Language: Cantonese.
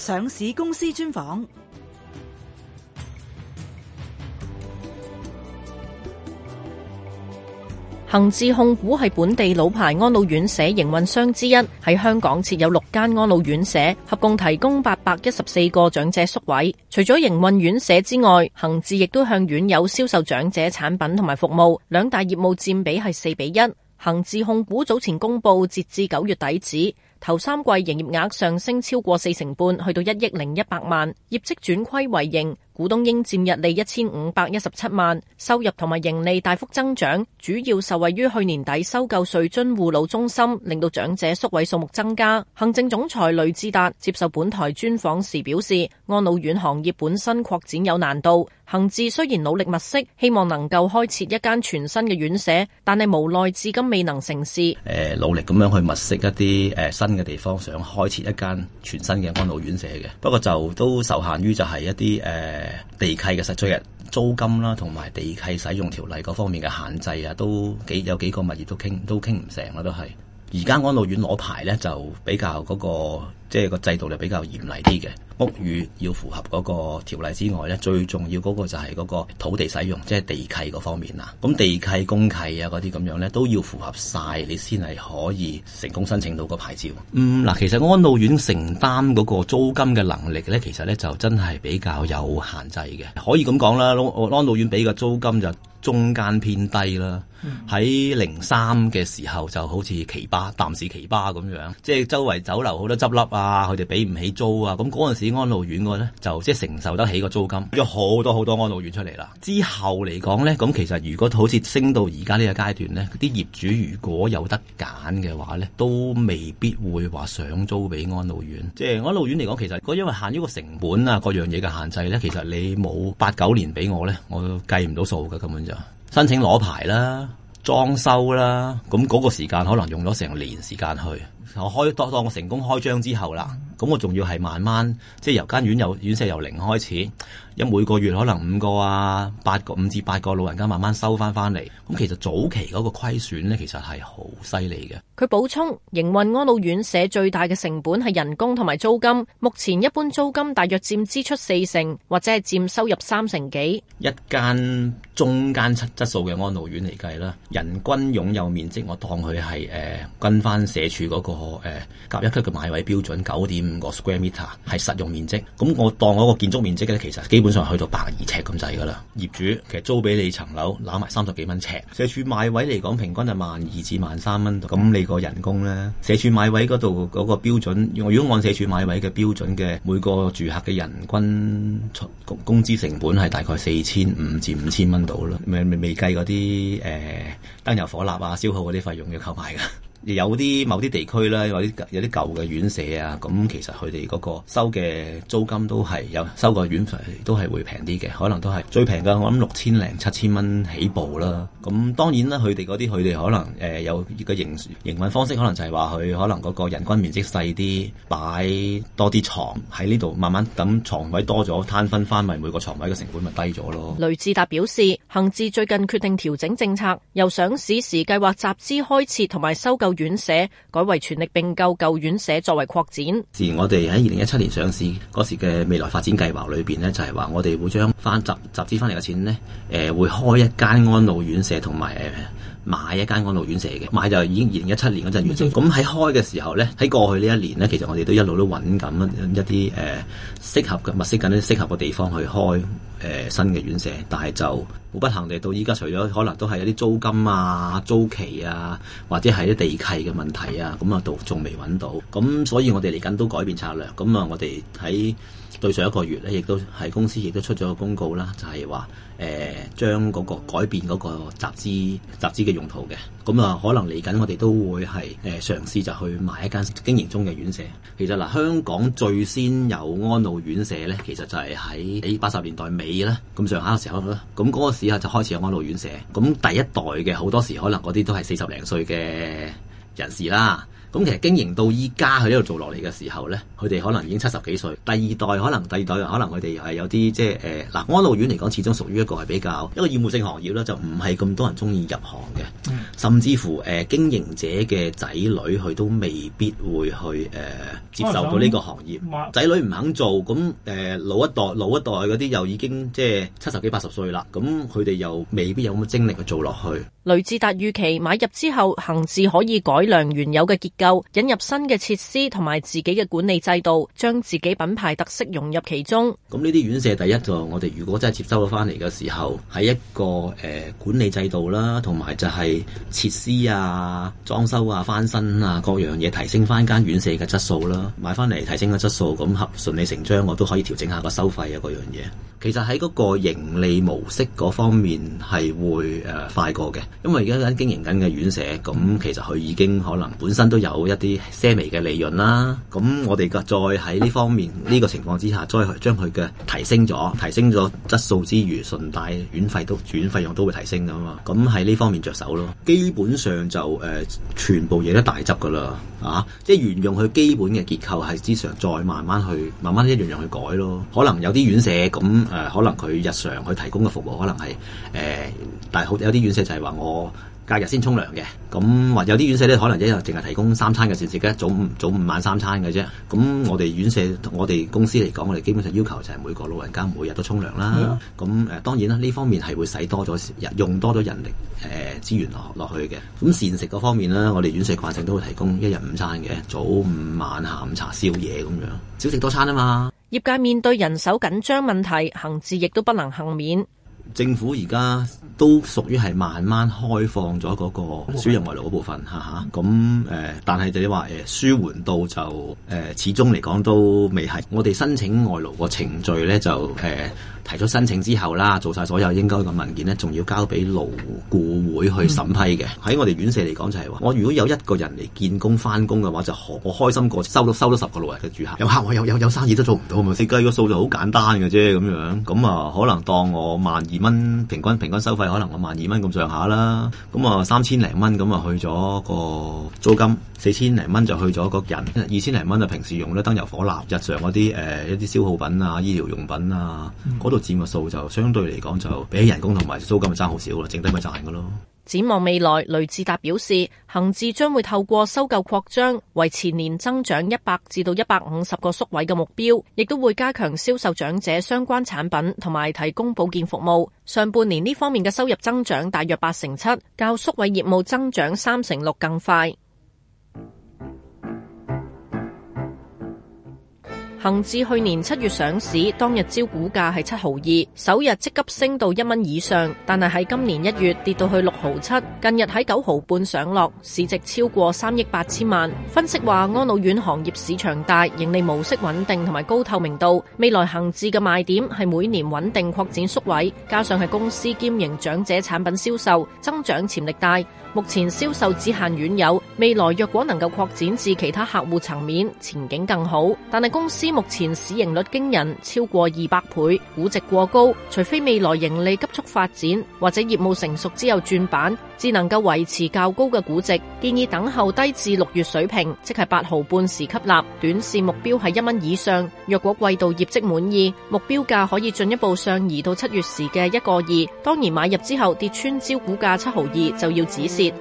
上市公司專訪。恒智控股係本地老牌安老院舍營運商之一，喺香港設有六間安老院舍，合共提供八百一十四個長者宿位。除咗營運院舍之外，恒智亦都向院友銷售長者產品同埋服務，兩大業務佔比係四比一。恒智控股早前公佈，截至九月底止，頭三季營業額上升超過四成半，去到一億零一百萬，業績轉虧為盈，股東應佔溢利一千五百一十七萬，收入同埋盈利大幅增長，主要受惠於去年底收購瑞臻護老中心，令到長者宿位數目增加。行政總裁雷志達接受本台專訪時表示，安老院行業本身擴展有難度。恒智雖然努力物色，希望能夠開設一間全新嘅院舍，但係無奈至今未能成事。誒、呃，努力咁樣去物色一啲誒、呃、新嘅地方，想開設一間全新嘅安老院舍嘅。不過就都受限於就係一啲誒、呃、地契嘅實際租金啦，同埋地契使用條例各方面嘅限制啊，都幾有幾個物業都傾都傾唔成啦，都係而家安老院攞牌咧就比較嗰、那個。即係個制度就比較嚴厲啲嘅，屋宇要符合嗰個條例之外咧，最重要嗰個就係嗰個土地使用，即係地契嗰方面啦。咁地契、公契啊嗰啲咁樣咧，都要符合晒，你先係可以成功申請到個牌照。嗯，嗱，其實安老院承擔嗰個租金嘅能力咧，其實咧就真係比較有限制嘅。可以咁講啦，安老院俾嘅租金就中間偏低啦。喺零三嘅時候就好似奇葩，淡市奇葩咁樣，即係周圍酒樓好多執笠啊！啊！佢哋俾唔起租啊，咁嗰陣時安老院嗰呢，就即係承受得起個租金，有好多好多安老院出嚟啦。之後嚟講呢，咁其實如果好似升到而家呢個階段呢，啲業主如果有得揀嘅話呢，都未必會話想租俾安老院。即係安老院嚟講，其實個因為限於個成本啊，各樣嘢嘅限制呢，其實你冇八九年俾我呢，我都計唔到數噶，根本就申請攞牌啦。裝修啦，咁嗰個時間可能用咗成年時間去。我開檔，當我成功開張之後啦。咁我仲要係慢慢，即係由間院由院舍由零開始，因每個月可能五個啊、八個、五至八個老人家慢慢收翻翻嚟，咁其實早期嗰個虧損咧，其實係好犀利嘅。佢補充，營運安老院舍最大嘅成本係人工同埋租金，目前一般租金大約佔支出四成，或者係佔收入三成幾。一間中間質質素嘅安老院嚟計啦，人均擁有面積我當佢係誒跟翻社署嗰、那個誒、呃、甲一級嘅買位標準九點五個 square meter 係實用面積，咁我當我個建築面積咧，其實基本上去到百二尺咁滯噶啦。業主其實租俾你層樓，攞埋三十幾蚊尺。社署買位嚟講，平均係萬二至萬三蚊度。咁你個人工咧，社署買位嗰度嗰個標準，如果按社署買位嘅標準嘅每個住客嘅人均工工資成本係大概四千五至五千蚊到啦，未未計嗰啲誒燈油火蠟啊，消耗嗰啲費用要購買噶。有啲某啲地區咧，有啲有啲舊嘅院舍啊，咁其實佢哋嗰個收嘅租金都係有收個院費，都係會平啲嘅，可能都係最平嘅，我諗六千零七千蚊起步啦。咁當然啦，佢哋嗰啲佢哋可能誒、呃、有個營營運方式，可能就係話佢可能嗰個人均面積細啲，擺多啲床喺呢度，慢慢咁床位多咗，攤分翻咪每個床位嘅成本咪低咗咯。雷志達表示，恒智最近決定調整政策，由上市時計劃集資開設同埋收購。院舍改為全力併購舊院舍作為擴展。自然我哋喺二零一七年上市嗰時嘅未來發展計劃裏邊咧，就係話我哋會將翻集集資翻嚟嘅錢咧，誒，會開一間安老院舍同埋誒。買一間安老院舍嘅，買就已經二零一七年嗰陣完成。咁喺開嘅時候咧，喺過去呢一年咧，其實我哋都一路都揾緊一啲誒、呃、適合嘅，物色緊啲適合嘅地方去開誒、呃、新嘅院舍，但係就好不幸地到依家，除咗可能都係一啲租金啊、租期啊，或者係啲地契嘅問題啊，咁啊，到仲未揾到。咁所以我哋嚟緊都改變策略，咁啊，我哋喺。對上一個月咧，亦都係公司亦都出咗個公告啦，就係話誒將嗰個改變嗰個集資集資嘅用途嘅，咁啊可能嚟緊我哋都會係誒嘗試就去買一間經營中嘅院舍。其實嗱、呃，香港最先有安老院舍咧，其實就係喺誒八十年代尾啦，咁上下嘅時候啦，咁、那、嗰個時候就開始有安老院舍，咁第一代嘅好多時可能嗰啲都係四十零歲嘅。人士啦，咁其實經營到依家佢喺呢度做落嚟嘅時候咧，佢哋可能已經七十幾歲，第二代可能第二代可能佢哋又係有啲即係誒嗱，安老院嚟講始終屬於一個係比較一個厭惡性行業啦，就唔係咁多人中意入行嘅。嗯、甚至乎誒、啊、經營者嘅仔女佢都未必會去誒、啊、接受到呢個行業，仔想女唔肯做，咁誒、啊、老一代老一代嗰啲又已經即係七十幾八十歲啦，咁佢哋又未必有咁嘅精力去做落去。雷志達預期買入之後行市可以改。改良原有嘅結構，引入新嘅設施同埋自己嘅管理制度，將自己品牌特色融入其中。咁呢啲院舍第一就我哋如果真係接收咗翻嚟嘅時候，喺一個誒、呃、管理制度啦，同埋就係設施啊、裝修啊、翻新啊各樣嘢提升翻間院舍嘅質素啦，買翻嚟提升個質素，咁合順理成章，我都可以調整下個收費啊各樣嘢。其實喺嗰個盈利模式嗰方面係會誒、呃、快過嘅，因為而家已經經營緊嘅院舍。咁，其實佢已經可能本身都有一啲些微嘅利潤啦。咁我哋嘅再喺呢方面呢、呢個情況之下，再將佢嘅提升咗，提升咗質素之餘，順帶院費都院費用都會提升噶嘛。咁喺呢方面着手咯，基本上就誒、呃、全部嘢都大執噶啦。啊！即係沿用佢基本嘅結構，係之上，再慢慢去、慢慢一樣樣去改咯。可能有啲院舍咁誒、呃，可能佢日常佢提供嘅服務，可能係誒、呃。但係好有啲院舍就係話我。假日先沖涼嘅，咁或有啲院舍咧，可能一日淨係提供三餐嘅膳食嘅，早早午晚三餐嘅啫。咁我哋院舍，我哋公司嚟講，我哋基本上要求就係每個老人家每日都沖涼啦。咁誒、啊、當然啦，呢方面係會使多咗用多咗人力誒、呃、資源落落去嘅。咁膳食嗰方面咧，我哋院舍慣性都會提供一日五餐嘅，早午晚下午茶、宵夜咁樣，少食多餐啊嘛。業界面對人手緊張問題，恒智亦都不能幸免。政府而家都屬於係慢慢開放咗嗰個輸入外勞嗰部分嚇嚇，咁誒、 嗯，但係就你話誒，舒緩到就誒、呃，始終嚟講都未係，我哋申請外勞個程序咧就誒。呃提出申請之後啦，做晒所有應該嘅文件咧，仲要交俾勞顧會去審批嘅。喺、嗯、我哋院舍嚟講，就係、是、話，我如果有一個人嚟見工返工嘅話，就我開心過收到收到十個老人嘅住客，有客我有有有，有生意都做唔到嘛。四雞個數就好簡單嘅啫，咁樣咁啊，可能當我萬二蚊平均平均，平均收費可能我萬二蚊咁上下啦，咁啊三千零蚊咁啊去咗個租金，四千零蚊就去咗個人，二千零蚊就平時用咧燈油火蠟、日常嗰啲誒一啲、呃、消耗品啊、醫療用品啊度。嗯佔個數就相對嚟講就比起人工同埋租金爭好少啦，剩低咪賺嘅咯。展望未來，雷志達表示，恒智將會透過收購擴張，維持全年增長一百至到一百五十個宿位嘅目標，亦都會加強銷售長者相關產品同埋提供保健服務。上半年呢方面嘅收入增長大約八成七，較宿位業務增長三成六更快。恒智去年七月上市，當日招股價係七毫二，首日即急升到一蚊以上，但係喺今年一月跌到去六毫七，近日喺九毫半上落，市值超過三億八千萬。分析話安老院行業市場大，盈利模式穩定同埋高透明度，未來恒智嘅賣點係每年穩定擴展宿位，加上係公司兼營長者產品銷售，增長潛力大。目前銷售只限院友，未來若果能夠擴展至其他客戶層面，前景更好。但係公司。目前市盈率驚人，超過二百倍，估值過高，除非未來盈利急速發展或者業務成熟之後轉板，至能夠維持較高嘅估值。建議等候低至六月水平，即係八毫半時吸納，短線目標係一蚊以上。若果季度業績滿意，目標價可以進一步上移到七月時嘅一個二。當然買入之後跌穿招股價七毫二就要止蝕。